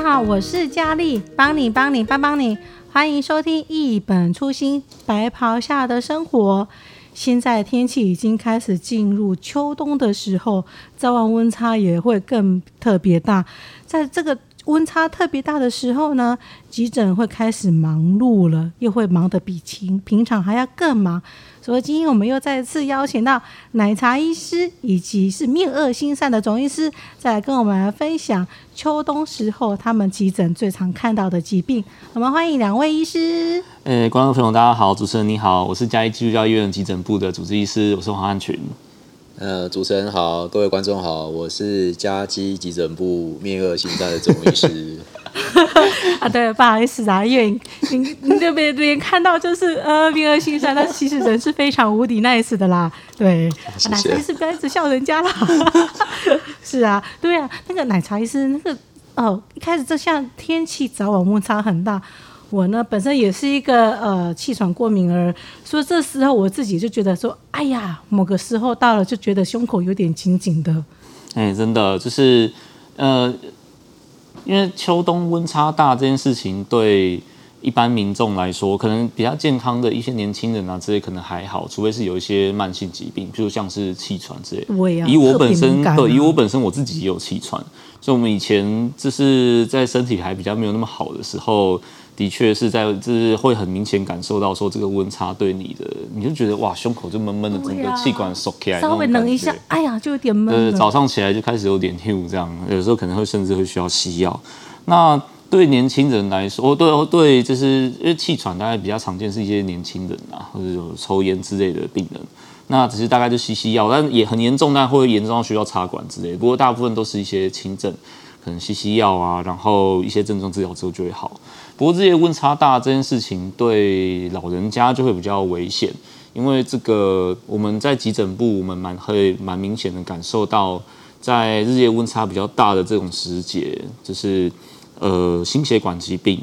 大家好，我是佳麗，幫你幫你幫幫你，歡迎收聽《一本初心白袍下的生活》。現在天氣已經開始進入秋冬的時候，早晚溫差也會更特別大，在這個溫差特別大的時候呢，急診會開始忙碌了，又會忙得比平平常還要更忙。所以今天我們又再次邀請到奶茶醫師以及是面惡心善的總醫師，再來跟我們來分享秋冬時候他們急診最常看到的疾病。我們歡迎兩位醫師。呃、欸，觀眾朋友大家好，主持人你好，我是嘉義基督教醫院急診部的主治醫師，我是黃漢群。呃，主持人好，各位觀眾好，我是嘉基急診部面惡心善的總醫師。 啊，對啊，不好意思啊，因為您您，這邊這邊看到就是呃面惡心善，但其實人是非常無敵 nice 的啦，對。奶茶醫師不要一直笑人家啦。 是啊，對啊，那個奶茶醫師那個哦，一開始就像天氣早晚溫差很大。我呢，本身也是一個呃氣喘過敏兒，所以這時候我自己就覺得說，哎呀，某個時候到了，就覺得胸口有點緊緊的。哎、欸，真的就是，呃，因為秋冬溫差大這件事情，對一般民眾來說，可能比較健康的一些年輕人啊，之類，可能還好，除非是有一些慢性疾病，比如像是氣喘之類。我呀、啊，以我本身、啊對，以我本身我自己也有氣喘，所以我們以前就是在身體還比較沒有那麼好的時候。的確是在，就是會很明顯感受到說這個溫差對你的，你就覺得哇，胸口就悶悶的，啊、整個氣管縮起來，稍微冷一下，哎呀，就有點悶、啊。對，早上起來就開始有點胸，這樣有時候可能會甚至會需要吸藥。那對年輕人來說，對哦對，就是因為氣喘大概比較常見是一些年輕人啊，或者有抽菸之類的病人。那只是大概就吸吸藥，但也很嚴重，但會嚴重到需要插管之類。不過大部分都是一些輕症。可能吸吸藥啊，然後一些症狀治療之後就會好。不過日夜溫差大這件事情對老人家就會比較危險，因為這個我們在急診部，我們蠻會蠻明顯的感受到，在日夜溫差比較大的這種時節，就是呃心血管疾病，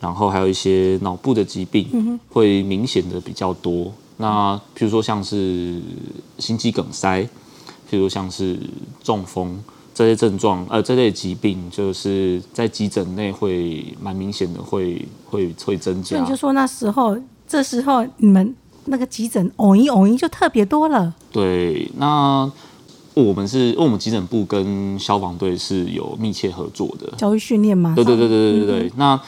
然後還有一些腦部的疾病會明顯的比較多。那譬如說像是心肌梗塞，譬如說像是中風。這些症狀，呃，這類疾病，就是在急診內會蠻明顯的會，會會會增加。那你就說那時候，這時候你們那個急診“嗡一嗡一”就特別多了。對，那我們是，因為我們急診部跟消防隊是有密切合作的，教育訓練嘛，對對對對對對對，嗯、那。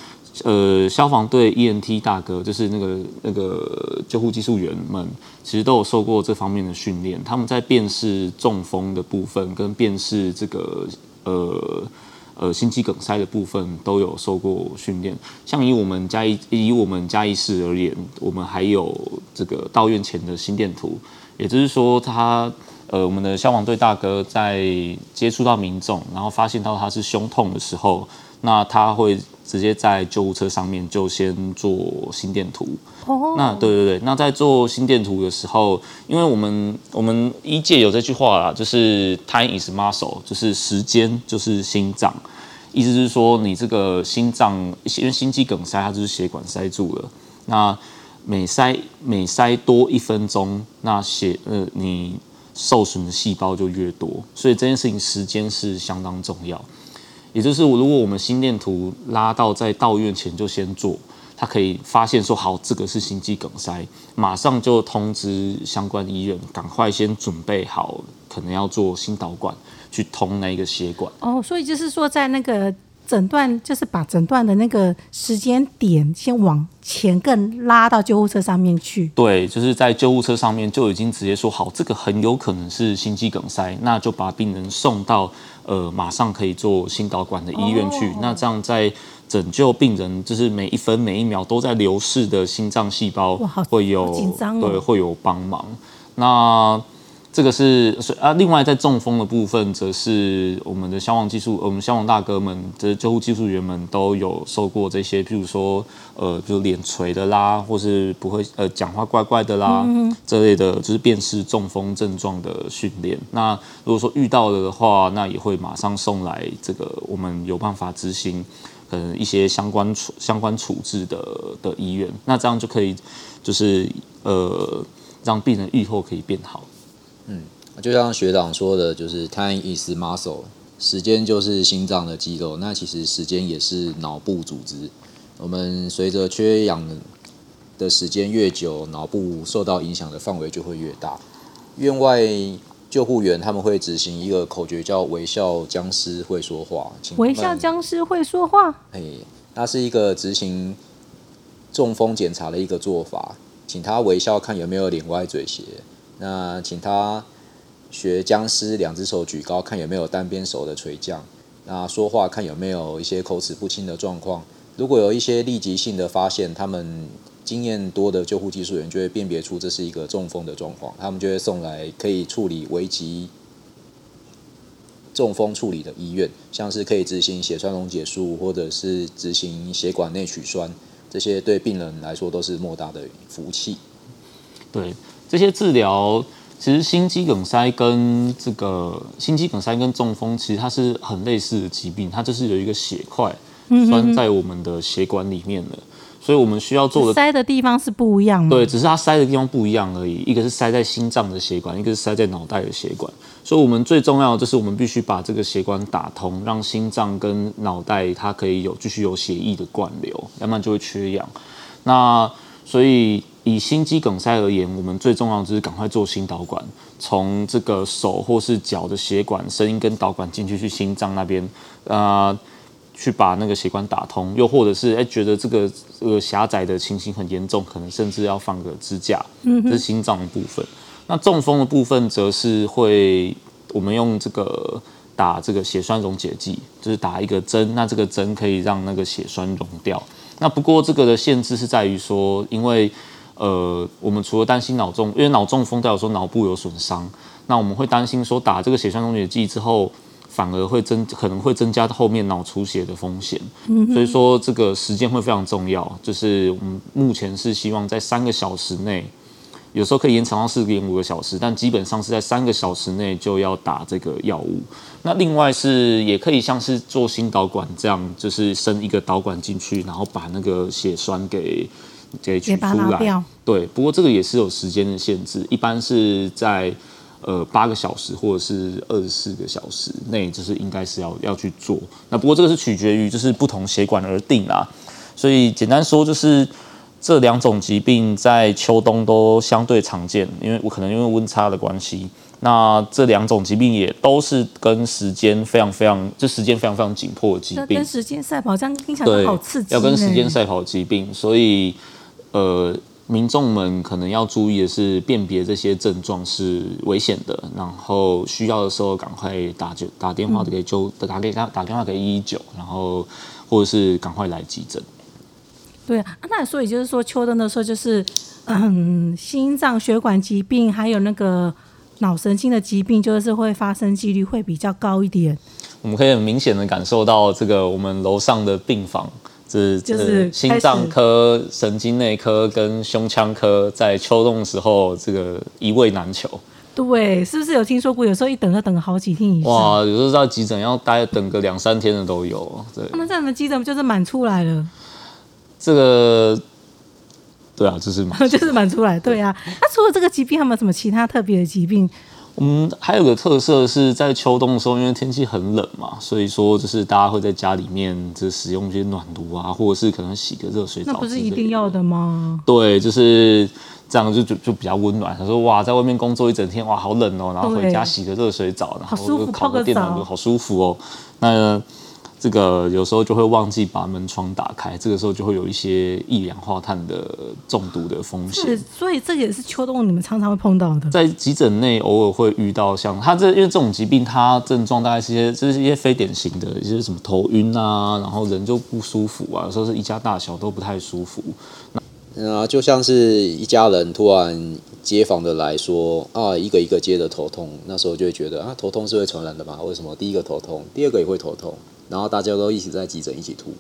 呃，消防隊 EMT 大哥就是那個那個救護技術員們，其實都有受過這方面的訓練。他們在辨識中風的部分，跟辨識這個呃呃心肌梗塞的部分都有受過訓練。像以我們嘉義，以我們嘉義市而言，我們還有這個到院前的心電圖，也就是說他，他呃我們的消防隊大哥在接觸到民眾，然後發現到他是胸痛的時候，那他會。直接在救護車上面就先做心電圖。Oh. 那對對對，那在做心電圖的時候，因為我們我們醫界有這句話啊，就是 time is muscle，就是時間就是心臟。意思就是說，你這個心臟因為心肌梗塞，它就是血管塞住了。那每塞每塞多一分鐘，那血呃你受損的細胞就越多，所以這件事情時間是相當重要。也就是，如果我們心電圖拉到在到院前就先做，他可以發現說好，這個是心肌梗塞，馬上就通知相關醫院，趕快先準備好，可能要做心導管去通那個血管。哦，所以就是說，在那個。診斷就是把診斷的那個時間點先往前更拉到救護車上面去。對，就是在救護車上面就已經直接說好，這個很有可能是心肌梗塞，那就把病人送到呃馬上可以做心導管的醫院去。那這樣在拯救病人，就是每一分每一秒都在流逝的心臟細胞，會有緊張，對，會有幫忙。那這個是是啊，另外在中風的部分，則是我們的消防技術，我們消防大哥們，這、就是、救護技術員們都有受過這些，比如說呃，就臉垂的啦，或是不會呃講話怪怪的啦，這、嗯嗯嗯、類的就是辨識中風症狀的訓練。那如果說遇到了的話，那也會馬上送來這個我們有辦法執行，可能一些相關處相關處置的的醫院，那這樣就可以就是呃讓病人癒後可以變好。就像學長說的，就是 time is muscle，時間就是心臟的肌肉。那其實時間也是腦部組織。我們隨着缺氧的時間越久，腦部受到影響的範圍就會越大。院外救護員他們會執行一個口訣，叫微笑僵屍會說話。請微笑僵屍會說話。嘿，那是一個執行中風檢查的一個做法，請他微笑看有沒有臉歪嘴斜，那請他。學僵屍，兩只手舉高，看有沒有單邊手的垂降。那說話，看有沒有一些口齒不清的狀況。如果有一些立即性的發現，他們經驗多的救護技術員就會辨別出這是一個中風的狀況，他們就會送來可以處理危急中風處理的醫院，像是可以執行血栓溶解術，或者是執行血管內取栓，這些對病人來說都是莫大的福氣。對這些治療。其實心肌梗塞跟這個心肌梗塞跟中風，其實它是很類似的疾病，它就是有一個血塊栓在我們的血管裡面了，所以我們需要做的塞的地方是不一樣的。對，只是它塞的地方不一樣而已，一個是塞在心臟的血管，一個是塞在腦袋的血管，所以我們最重要的就是我們必須把這個血管打通，讓心臟跟腦袋它可以有繼續有血液的灌流，要不然就會缺氧。那所以。以心肌梗塞而言，我們最重要的就是趕快做心導管，從這個手或是腳的血管，伸一根導管進去去心臟那邊，啊、呃，去把那個血管打通，又或者是誒、欸，覺得這個呃狹、這個、窄的情形很嚴重，可能甚至要放個支架，嗯、哼這是心臟的部分。那中風的部分則是會我們用這個打這個血栓溶解劑，就是打一個針，那這個針可以讓那個血栓溶掉。那不過這個的限制是在於說，因為呃，我們除了擔心腦中，因為腦中風代表說腦部有損傷，那我們會擔心說打這個血栓溶解劑之後，反而會增，可能會增加後面腦出血的風險。嗯，所以說這個時間會非常重要，就是我們目前是希望在三個小時內，有時候可以延長到四點五個小時，但基本上是在三個小時內就要打這個藥物。那另外是也可以像是做心導管這樣，就是伸一個導管進去，然後把那個血栓給。直接取出來，對，不過這個也是有時間的限制，一般是在呃八個小時或者是二十四個小時內，就是應該是要要去做。那不過這個是取決於就是不同血管而定啦。所以簡單說，就是這兩種疾病在秋冬都相對常見，因為我可能因為溫差的關係，那這兩種疾病也都是跟時間非常非常，就時間非常非常緊迫的疾病，跟時間賽跑，這樣聽起來都好刺激，要跟時間賽跑的疾病，所以。呃，民眾們可能要注意的是辨別這些症狀是危險的，然後需要的時候趕快打就打電話給就，打給他打電話給一一九，然後或者是趕快來急診。對啊，那所以就是說秋冬的時候，就是嗯，心臟血管疾病還有那個腦神經的疾病，就是會發生幾率會比較高一點。我們可以很明顯的感受到這個我們樓上的病房。是就是、呃、始心臟科、神經內科跟胸腔科，在秋冬的時候，這個一位難求。對，是不是有聽說過？有時候一等要等好幾天以上。哇，有時候到急診要待等個兩三天的都有。對，他們這樣的急診就是滿出來了。這個，對啊，就是滿， 就是滿出來。對啊，對那除了這個疾病，還有沒有什麼其他特別的疾病？我、嗯、還有個特色是在秋冬的時候，因為天氣很冷嘛，所以說就是大家會在家裡面就使用一些暖爐啊，或者是可能洗個熱水澡。那不是一定要的嗎？對，就是這樣就，就就就比較溫暖。他說：“哇，在外面工作一整天，哇，好冷哦，喔，然後回家洗個熱水澡，對然後就烤個電暖爐就好舒服哦，喔。服”那。這個有時候就會忘記把門窗打開，這個時候就會有一些一氧化碳的中毒的風險。所以這也是秋冬你們常常會碰到的。在急診內偶爾會遇到像，像他這因為這種疾病，它症狀大概是一些，就是一些非典型的，一些什麼頭暈啊，然後人就不舒服啊，說是一家大小都不太舒服。那就像是一家人突然街坊的來說啊，一個一個接着頭痛，那時候就會覺得啊，頭痛是會傳染的吧？為什麼？第一個頭痛，第二個也會頭痛？然後大家都一起在急診一起吐，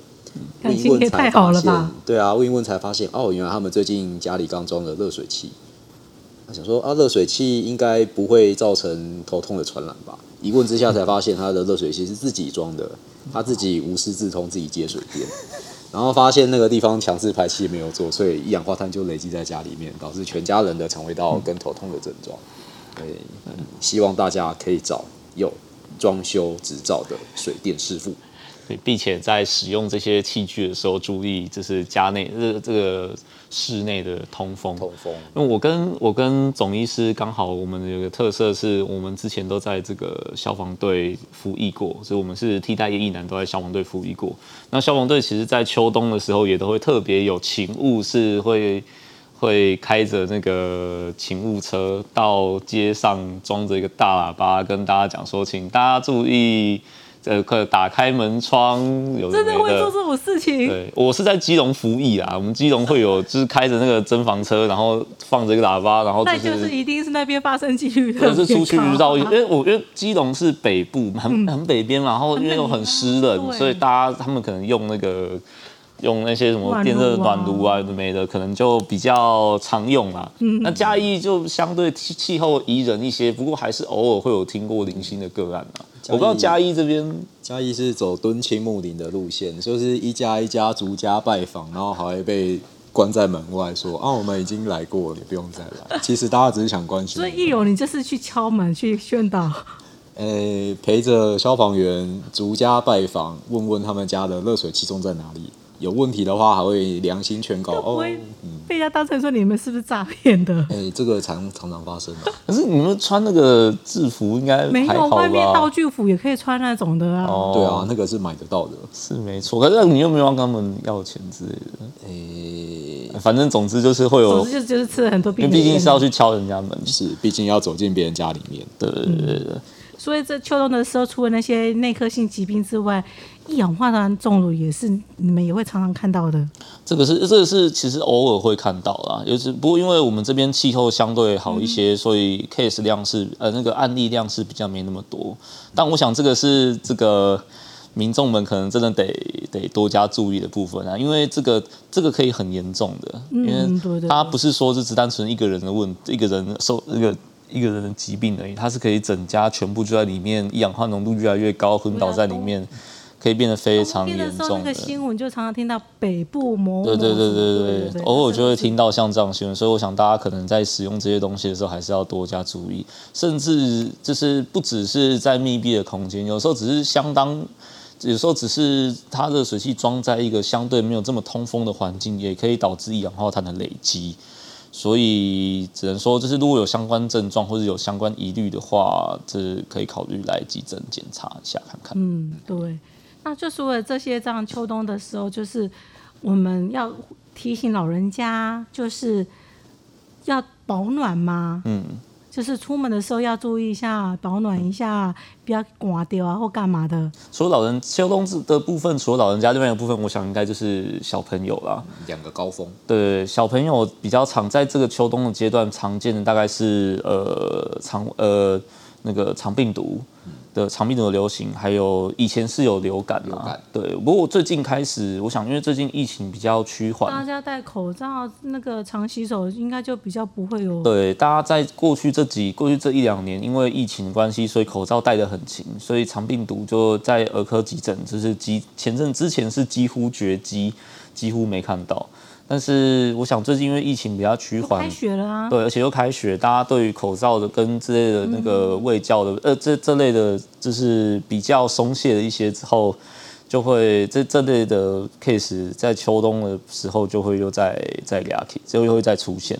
感情也太好了吧？問一問才發現，對啊，問一問才發現，哦、啊，原來他們最近家裡剛裝了熱水器。他想說啊，熱水器應該不會造成頭痛的傳染吧？一問之下才發現，他的熱水器是自己裝的，他自己無師自通自己接水電，嗯、然後發現那個地方強制排氣沒有做，所以一氧化碳就累積在家裡面，導致全家人的腸胃道跟頭痛的症狀。對，嗯嗯、希望大家可以早有。Yo. 裝修執照的水電師傅，對，並且在使用這些器具的時候，注意就是家內、這個、這個室內的通風，通風。那我跟我跟總醫師剛好，我們有一個特色是我們之前都在這個消防隊服役過，所以我們是替代役役男都在消防隊服役過。那消防隊其實在秋冬的時候也都會特別有勤務，是會。會開着那個勤務車到街上，裝着一個大喇叭，跟大家講說，請大家注意，呃，快打開門窗。有真的會做這種事情？對，我是在基隆服役啊，我們基隆會有， 就是開着那個增防車，然後放着一個喇叭，然後、就是、那就是一定是那邊發生幾率的。可能是出去遇到，啊、因為我覺得基隆是北部很很北邊、嗯、然後因為又很濕的，啊、所以大家他們可能用那個。用那些什麼電熱暖爐啊、什麼的，可能就比較常用啦。嗯、那嘉義就相對氣候宜人一些，不過還是偶爾會有聽過零星的個案、嗯、我不知道嘉義這邊，嘉義是走敦親睦鄰的路線，就是一家一家逐家拜訪，然後還被關在門外說，說啊，我們已經來過了，你不用再來。其實大家只是想關心。所以，奕融，你這次去敲門去宣導？呃、欸，陪着消防員逐家拜訪，問問他們家的熱水器裝在哪裡。有問題的話，還會良心勸告哦，不會被人家當成說，你們是不是詐騙的？哎、哦嗯、欸，這個常常常發生，啊。可是你們穿那個制服應該還好吧？沒有，外面道具服也可以穿那種的啊。哦，對啊，那個是買得到的，是沒錯。可是你又沒有跟他們要錢之類的。哎、欸，反正總之就是會有，總之就是吃了很多。畢竟是要去敲人家門，是，畢竟要走進別人家裡面。對對，對對。所以這秋冬的時候，除了那些內科性疾病之外，一氧化碳中毒也是你們也會常常看到的。這個是這個是其實偶爾會看到啦、啊，尤是不過因為我們這邊氣候相對好一些，嗯、所以 case 量是呃那個案例量是比較沒那麼多。但我想這個是這個民眾們可能真的得得多加注意的部分啊，因為這個這個可以很嚴重的，因為它不是說只單純一個人的問一個人受那個一個人的疾病而已，它是可以整家全部就在裡面，一氧化濃度越來越高，昏倒在裡面。可以變得非常嚴重。這個新聞就常常聽到北部某某。對對對對，偶爾就會聽到像這樣的新聞，所以我想大家可能在使用這些東西的時候，還是要多加注意。甚至就是不只是在密閉的空間，有時候只是相當，有時候只是它熱水器裝在一個相對沒有這麼通風的環境，也可以導致一氧化碳的累積。所以只能說，就是如果有相關症狀或者有相關疑慮的話，這可以考慮來急診檢查一下看看。嗯，對。那就是除了這些，這樣秋冬的時候，就是我們要提醒老人家，就是要保暖嘛。嗯，就是出門的時候要注意一下保暖一下，不要刮掉啊或幹嘛的。除了老人秋冬的部分，除了老人家這邊的部分，我想應該就是小朋友了。兩、嗯、個高峰。對，小朋友比較常在這個秋冬的階段，常見的大概是呃腸呃那個腸病毒。嗯的腸病毒流行，還有以前是有流感啊，感對。不過我最近開始，我想，因為最近疫情比較趨緩，大家戴口罩，那個常洗手，應該就比較不會有。對，大家在過去這幾、過去這一兩年，因為疫情關係，所以口罩戴得很勤，所以腸病毒就在兒科急診，就是急前陣之前是幾乎絕跡，幾乎沒看到。但是我想，最近因為疫情比較趨緩，啊、對，而且又開學，大家對於口罩的跟之類的那個衛教的，嗯、呃，這這類的，就是比較鬆懈的一些之後，就會這這類的 case 在秋冬的時候就會又再再加提，ucky, 就又會再出現。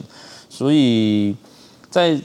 所以在，在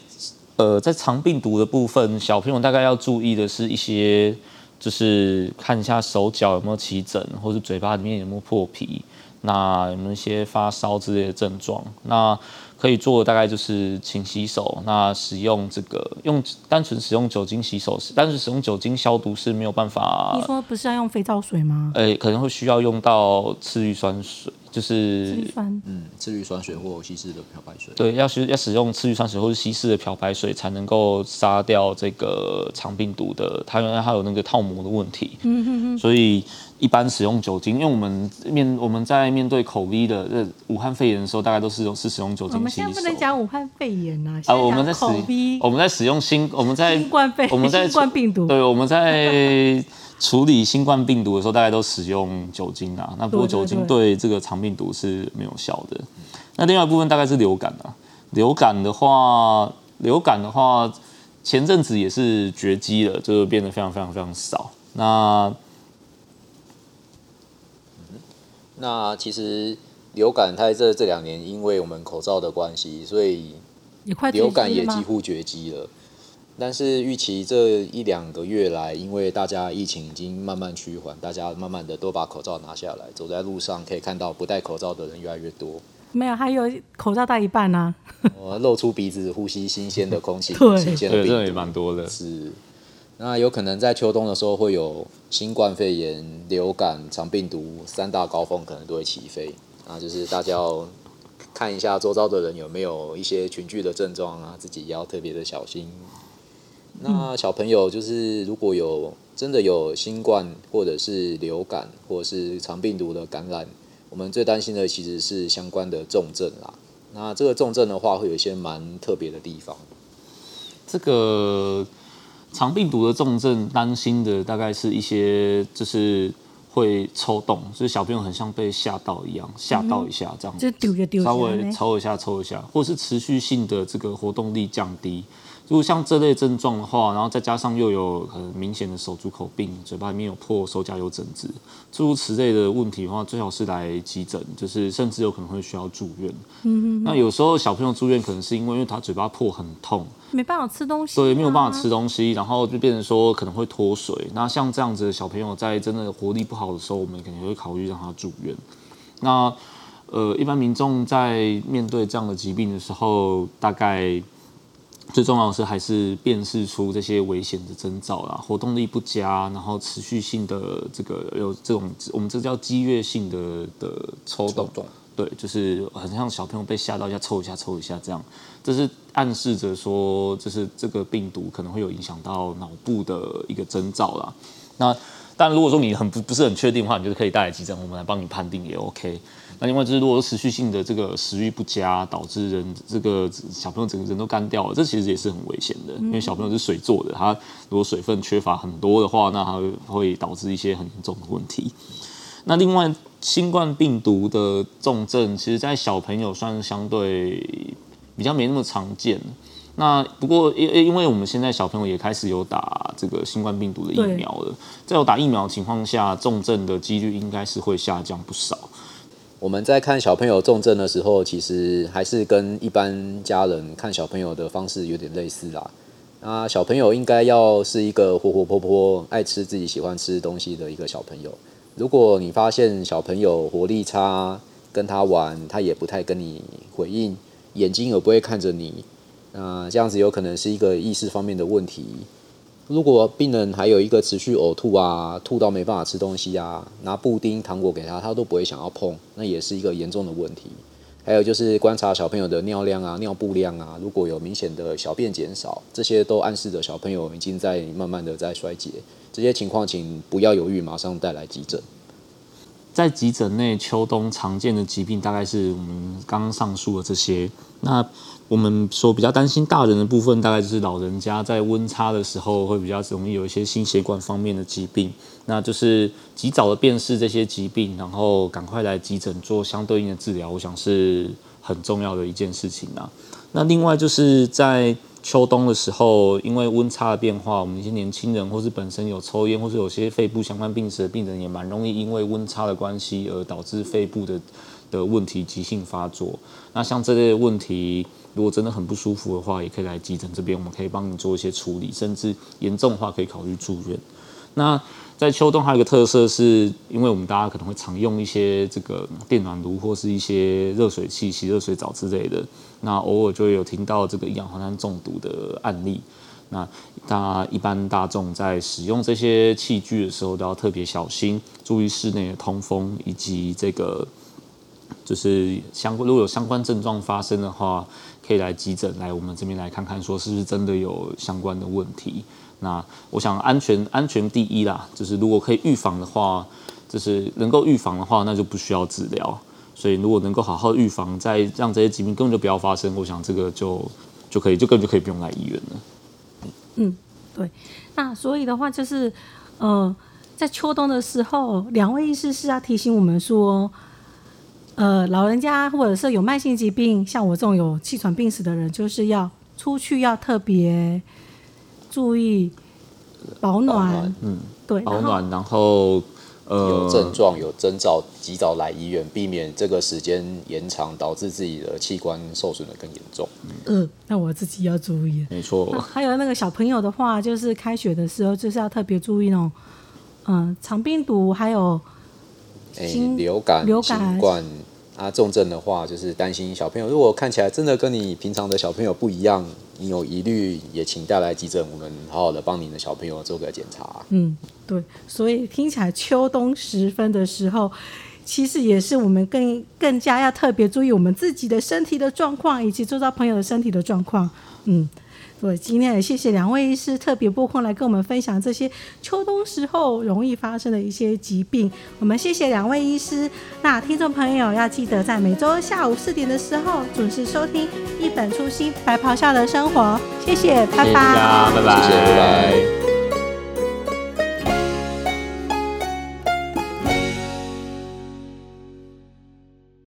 呃，在腸病毒的部分，小朋友大概要注意的是一些，就是看一下手腳有沒有起疹，或是嘴巴裡面有沒有破皮。那有沒有一些發燒之類的症狀，那可以做的大概就是勤洗手。那使用這個用單純使用酒精洗手是，但是使用酒精消毒是沒有辦法。你說不是要用肥皂水嗎？誒、欸，可能會需要用到次氯酸水。就是酸嗯，次氯酸水或稀釋的漂白水。對，要使要使用次氯酸水或是稀釋的漂白水才能夠殺掉這個腸病毒的。它原來還有那個套膜的問題。嗯哼哼。所以一般使用酒精，因為我們面我們在面對口鼻的這武漢肺炎的時候，大概都是是使用酒精。我們現在不能講武漢肺炎啊，啊，我們在使我們在使用新，我們在新冠肺炎，我們在新冠病毒，病毒對，我們在。處理新冠病毒的時候，大家都使用酒精啊。那不過酒精對這個腸病毒是沒有效的。對對對，那另外一部分大概是流感啊。流感的話，流感的話，前陣子也是絕跡了，就變得非常非常非常少。那、嗯、那其實流感它在這這兩年，因為我們口罩的關係，所以流感也幾乎絕跡了。但是，預期這一兩個月來，因為大家疫情已經慢慢趨緩，大家慢慢的都把口罩拿下來，走在路上可以看到不戴口罩的人越來越多。沒有，還有口罩戴一半呢、啊。 我露出鼻子呼吸新鮮的空氣。新鮮的對，對，的也蠻多的。是。那有可能在秋冬的時候會有新冠肺炎、流感、腸病毒三大高峰，可能都會起飛啊！那就是大家要看一下周遭的人有沒有一些群聚的症狀啊，自己也要特別的小心。那小朋友就是如果有真的有新冠或者是流感或者是腸病毒的感染，我們最擔心的其實是相關的重症啦。那這個重症的話，會有一些蠻特別的地方。嗯、這個腸病毒的重症擔心的大概是一些就是會抽動，所以小朋友很像被嚇到一樣，嚇到一下這樣子、嗯，就丟一丟，稍微抽一下抽一下，或是持續性的這個活動力降低。如果像這類症狀的話，然後再加上又有很明顯的手足口病，嘴巴裡面有破，手腳有疹子，諸如此類的問題的話，最好是來急診，就是甚至有可能會需要住院。嗯，嗯。那有時候小朋友住院，可能是因為因為他嘴巴破很痛，沒辦法吃東西啊。對，沒有辦法吃東西，然後就變成說可能會脫水。那像這樣子的小朋友在真的活力不好的時候，我們肯定會考慮讓他住院。那呃，一般民眾在面對這樣的疾病的時候，大概。最重要的是還是辨識出這些危險的徵兆啦，活動力不佳，然後持續性的這個有這種我們這叫激越性的的抽動，抽動症對，就是很像小朋友被嚇到一下抽一下抽一下這樣，這是暗示着說就是這個病毒可能會有影響到腦部的一個徵兆啦。那但如果說你很不不是很確定的話，你就是可以帶來急診，我們來幫你判定也 OK。另外就是，如果持續性的這個食慾不佳，導致人這個小朋友整個人都乾掉了，這其實也是很危險的。因為小朋友是水做的，他如果水分缺乏很多的話，那它會導致一些很嚴重的問題。那另外，新冠病毒的重症，其實，在小朋友算是相對比較沒那麼常見。那不過，因因為我們現在小朋友也開始有打這個新冠病毒的疫苗了，對在有打疫苗的情況下，重症的幾率應該是會下降不少。我們在看小朋友重症的時候，其實還是跟一般家人看小朋友的方式有點類似啦。啊，小朋友應該要是一個活活潑潑、愛吃自己喜歡吃東西的一個小朋友。如果你發現小朋友活力差，跟他玩他也不太跟你回應，眼睛也不會看着你，那這樣子有可能是一個意識方面的問題。如果病人還有一個持續嘔吐啊，吐到沒辦法吃東西啊，拿布丁、糖果給他，他都不會想要碰，那也是一個嚴重的問題。還有就是觀察小朋友的尿量啊、尿布量啊，如果有明顯的小便減少，這些都暗示着小朋友已經在慢慢的在衰竭。這些情況請不要猶豫，馬上帶來急診。在急診內，秋冬常見的疾病大概是我們剛剛上述的這些。那我們說比較擔心大人的部分，大概就是老人家在溫差的時候會比較容易有一些心血管方面的疾病，那就是及早的辨識這些疾病，然後趕快來急診做相對應的治療，我想是很重要的一件事情吶啊。那另外就是在秋冬的時候，因為溫差的變化，我們一些年輕人或是本身有抽煙或是有些肺部相關病史的病人，也蠻容易因為溫差的關係而導致肺部的的問題急性發作。那像這類問題。如果真的很不舒服的話，也可以來急診這邊，我們可以幫你做一些處理，甚至嚴重的話可以考慮住院。那在秋冬還有一個特色是，因為我們大家可能會常用一些這個電暖爐或是一些熱水器洗熱水澡之類的，那偶爾就會有聽到這個一氧化碳中毒的案例。那大家一般大眾在使用這些器具的時候都要特別小心，注意室內的通風以及這個就是相如果有相關症狀發生的話，可以來急診，來我們這邊來看看，說是不是真的有相關的問題。那我想安全安全第一啦，就是如果可以預防的話，就是能夠預防的話，那就不需要治療。所以如果能夠好好預防，再讓這些疾病根本就不要發生，我想這個就就可以，就根本就可以不用來醫院了。嗯，對。那所以的話，就是呃，在秋冬的時候，兩位醫師是要提醒我們說。呃，老人家或者是有慢性疾病，像我這種有氣喘病史的人，就是要出去要特別注意保暖，嗯，對，保暖，然後呃，有症狀有徵兆及早來醫院，避免這個時間延長，導致自己的器官受損的更嚴重。嗯、呃，那我自己要注意。沒錯、啊，還有那個小朋友的話，就是開學的時候，就是要特別注意那種，嗯、呃，腸病毒還有。哎，流感、新冠啊，重症的話，就是擔心小朋友。如果看起來真的跟你平常的小朋友不一樣，你有疑慮，也請帶來急診，我們好好的幫你的小朋友做個檢查。嗯，對，所以聽起來秋冬時分的時候，其實也是我們更更加要特別注意我們自己的身體的狀況，以及周遭朋友的身體的狀況。嗯。我今天也謝謝兩位醫師特別撥空來跟我們分享這些秋冬時候容易發生的一些疾病。我們謝謝兩位醫師。那聽眾朋友要記得在每週下午四點的時候準時收聽《一本初心》白袍下的生活》。謝謝，拜拜。謝謝 bye bye